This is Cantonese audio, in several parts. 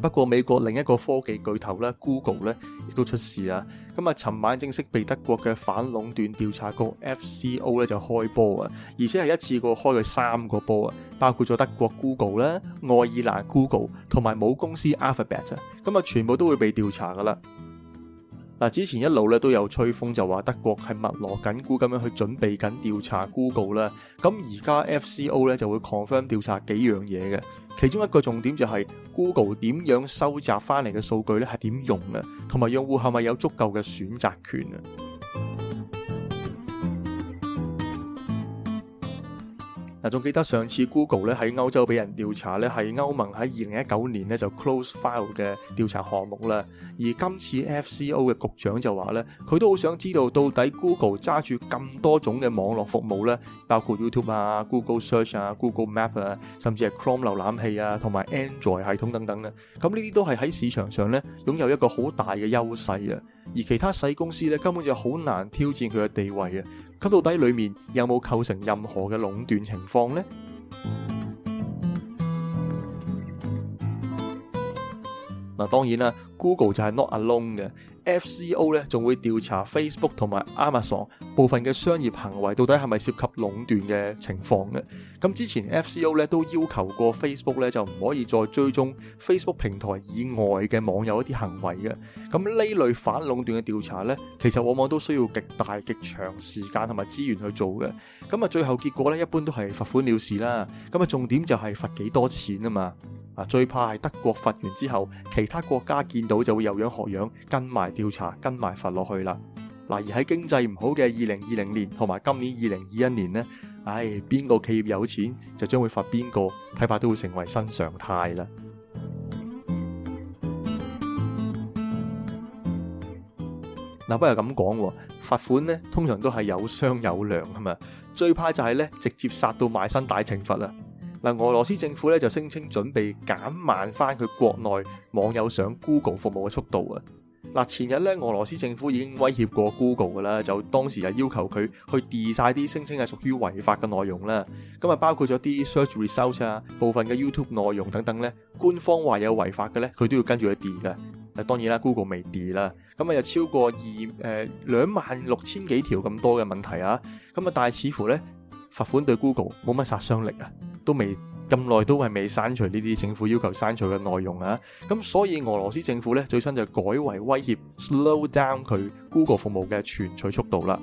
不過美國另一個科技巨頭咧，Google 咧亦都出事啊。咁啊，尋晚正式被德國嘅反壟斷調查局 FCO 咧就開波啊，而且係一次過開佢三個波啊，包括咗德國 Google 咧、愛爾蘭 Google 同埋母公司 Alphabet 啊。咁啊，全部都會被調查㗎喇。嗱，之前一路咧都有吹風，就話德國係密鑼緊鼓咁樣去準備緊調查 Google 啦。咁而家 FCO 咧就會 confirm 調查幾樣嘢嘅，其中一個重點就係 Google 點樣收集翻嚟嘅數據咧，係點用啊，同埋用戶係咪有足夠嘅選擇權啊？嗱，仲記得上次 Google 咧喺歐洲俾人調查咧，係歐盟喺二零一九年咧就 close file 嘅調查項目啦。而今次 FCO 嘅局長就話咧，佢都好想知道到底 Google 揸住咁多種嘅網絡服務咧，包括 YouTube 啊、Google Search 啊、Google Map 啊，甚至係 Chrome 瀏覽器啊，同埋 Android 系統等等啊。咁呢啲都係喺市場上咧擁有一個好大嘅優勢啊。而其他細公司咧根本就好難挑戰佢嘅地位啊。到底裏面有冇構成任何嘅壟斷情況呢？嗱，當然啦。Google 就係 not alone 嘅，FCO 咧仲會調查 Facebook 同埋 Amazon 部分嘅商業行為到底係咪涉及壟斷嘅情況嘅，咁之前 FCO 咧都要求過 Facebook 咧就唔可以再追蹤 Facebook 平台以外嘅網友一啲行為嘅。咁呢類反壟斷嘅調查咧，其實往往都需要極大極長時間同埋資源去做嘅。咁啊，最後結果咧一般都係罰款了事啦。咁啊，重點就係罰幾多錢啊嘛。啊，最怕係德國罰完之後其他國家見到，就會有樣學樣，跟埋調查，跟埋罰落去啦。嗱，而喺經濟唔好嘅二零二零年，同埋今年二零二一年呢，唉，邊個企業有錢，就將會罰邊個，睇怕都會成為新常態啦。嗱，不過咁講，罰款呢通常都係有商有量噶嘛，最怕就係呢，直接殺到賣身大懲罰啦。嗱，俄羅斯政府咧就聲稱準備減慢翻佢國內網友上 Google 服務嘅速度啊！嗱，前日咧，俄羅斯政府已經威脅過 Google 噶啦，就當時就要求佢去 delete 晒啲聲稱係屬於違法嘅內容啦。咁啊，包括咗啲 search results 啊、部分嘅 YouTube 內容等等咧，官方話有違法嘅咧，佢都要跟住去 delete 噶。當然啦，Google 未 delete 啦。咁啊，有超過二誒兩萬六千幾條咁多嘅問題啊。咁啊，但係似乎咧。罰款對 Google 冇乜殺傷力啊，都未咁耐都係未刪除呢啲政府要求刪除嘅內容啊，咁所以俄羅斯政府咧最新就改為威脅 slow down 佢 Google 服務嘅存取速度啦。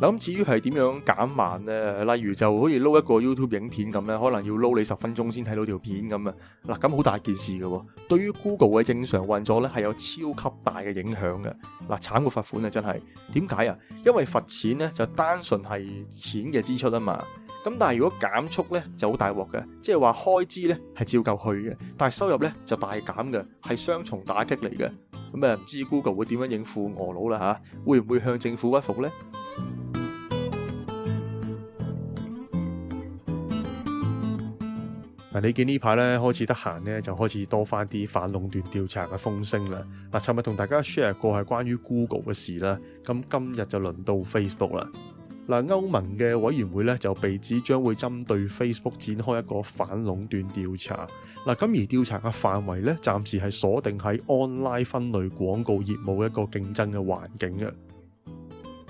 咁，至於係點樣減慢呢？例如就好似撈一個 YouTube 影片咁咧，可能要撈你十分鐘先睇到條片咁啊。嗱，咁好大件事嘅喎，對於 Google 嘅正常運作咧係有超級大嘅影響嘅。嗱，慘過罰款啊，真係點解啊？因為罰錢咧就單純係錢嘅支出啊嘛。咁但係如果減速咧就好大鑊嘅，即係話開支咧係照舊去嘅，但係收入咧就大減嘅，係雙重打擊嚟嘅。咁啊，唔知 Google 會點樣應付俄佬啦吓？會唔會向政府屈服呢？你見呢排咧開始得閒咧，就開始多翻啲反壟斷調查嘅風聲啦。嗱，尋日同大家 share 過係關於 Google 嘅事啦，咁今日就輪到 Facebook 啦。嗱，歐盟嘅委員會咧就被指將會針對 Facebook 展開一個反壟斷調查。嗱，咁而調查嘅範圍咧暫時係鎖定喺 online 分類廣告業務一個競爭嘅環境嘅。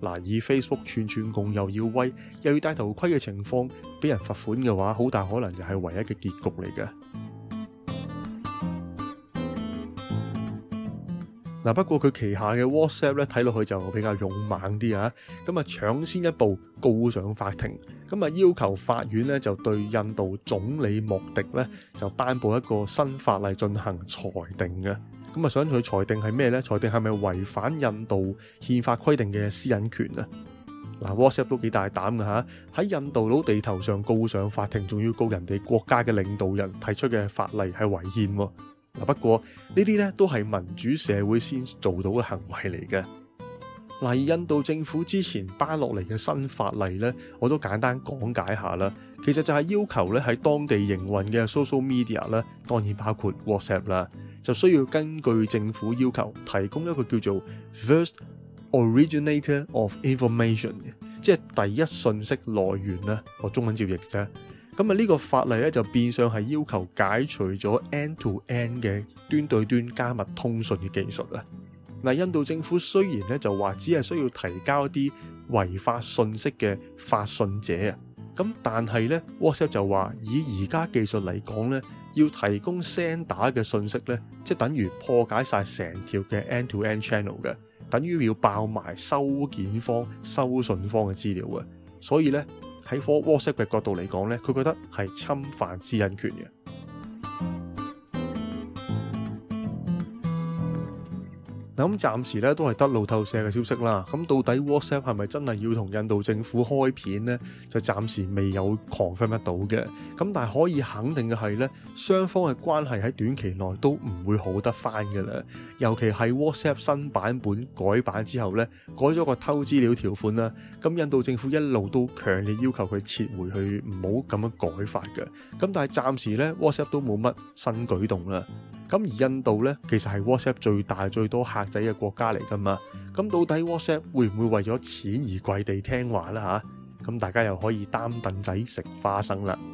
嗱，以 Facebook 串串共又要威又要戴頭盔嘅情況，俾人罰款嘅話，好大可能就係唯一嘅結局嚟嘅。嗱，不過佢旗下嘅 WhatsApp 咧，睇落去就比較勇猛啲啊！咁啊，搶先一步告上法庭，咁啊要求法院咧就對印度總理莫迪咧就頒布一個新法例進行裁定嘅。咁啊，想佢裁定係咩呢？裁定係咪違反印度憲法規定嘅私隱權啊？嗱，WhatsApp 都幾大膽㗎吓，喺印度佬地頭上告上法庭，仲要告人哋國家嘅領導人提出嘅法例係違憲喎。不過呢啲都係民主社會先做到嘅行為嚟嘅。嗱，以印度政府之前頒落嚟嘅新法例呢，我都簡單講解一下啦。其實就係要求咧喺當地營運嘅 social media 咧，當然包括 WhatsApp 啦，就需要根據政府要求提供一個叫做 first originator of information 嘅，即係第一信息來源啦，我中文照譯啫。咁啊，呢個法例咧就變相係要求解除咗 end to end 嘅端對端加密通訊嘅技術啦。嗱，印度政府雖然咧就話只係需要提交一啲違法信息嘅發信者啊，咁但係咧 WhatsApp 就話以而家技術嚟講咧，要提供 sender 嘅信息咧，即等於破解晒成條嘅 end to end channel 嘅，等於要爆埋收件方收信方嘅資料嘅，所以咧。喺 WhatsApp 嘅角度嚟講咧，佢覺得係侵犯私隱權嘅。嗱咁，暫時咧都係得路透社嘅消息啦。咁到底 WhatsApp 係咪真係要同印度政府開片呢？就暫時未有 confirm 得到嘅。咁但係可以肯定嘅係呢，雙方嘅關係喺短期內都唔會好得翻嘅啦。尤其係 WhatsApp 新版本改版之後呢，改咗個偷資料條款啦。咁印度政府一路都強烈要求佢撤回去，唔好咁樣改法嘅。咁但係暫時 WhatsApp 都冇乜新舉動啦。咁而印度呢，其實係 WhatsApp 最大最多客仔嘅國家嚟噶嘛？咁到底 WhatsApp 會唔會為咗錢而跪地聽話啦？吓，咁大家又可以擔凳仔食花生啦～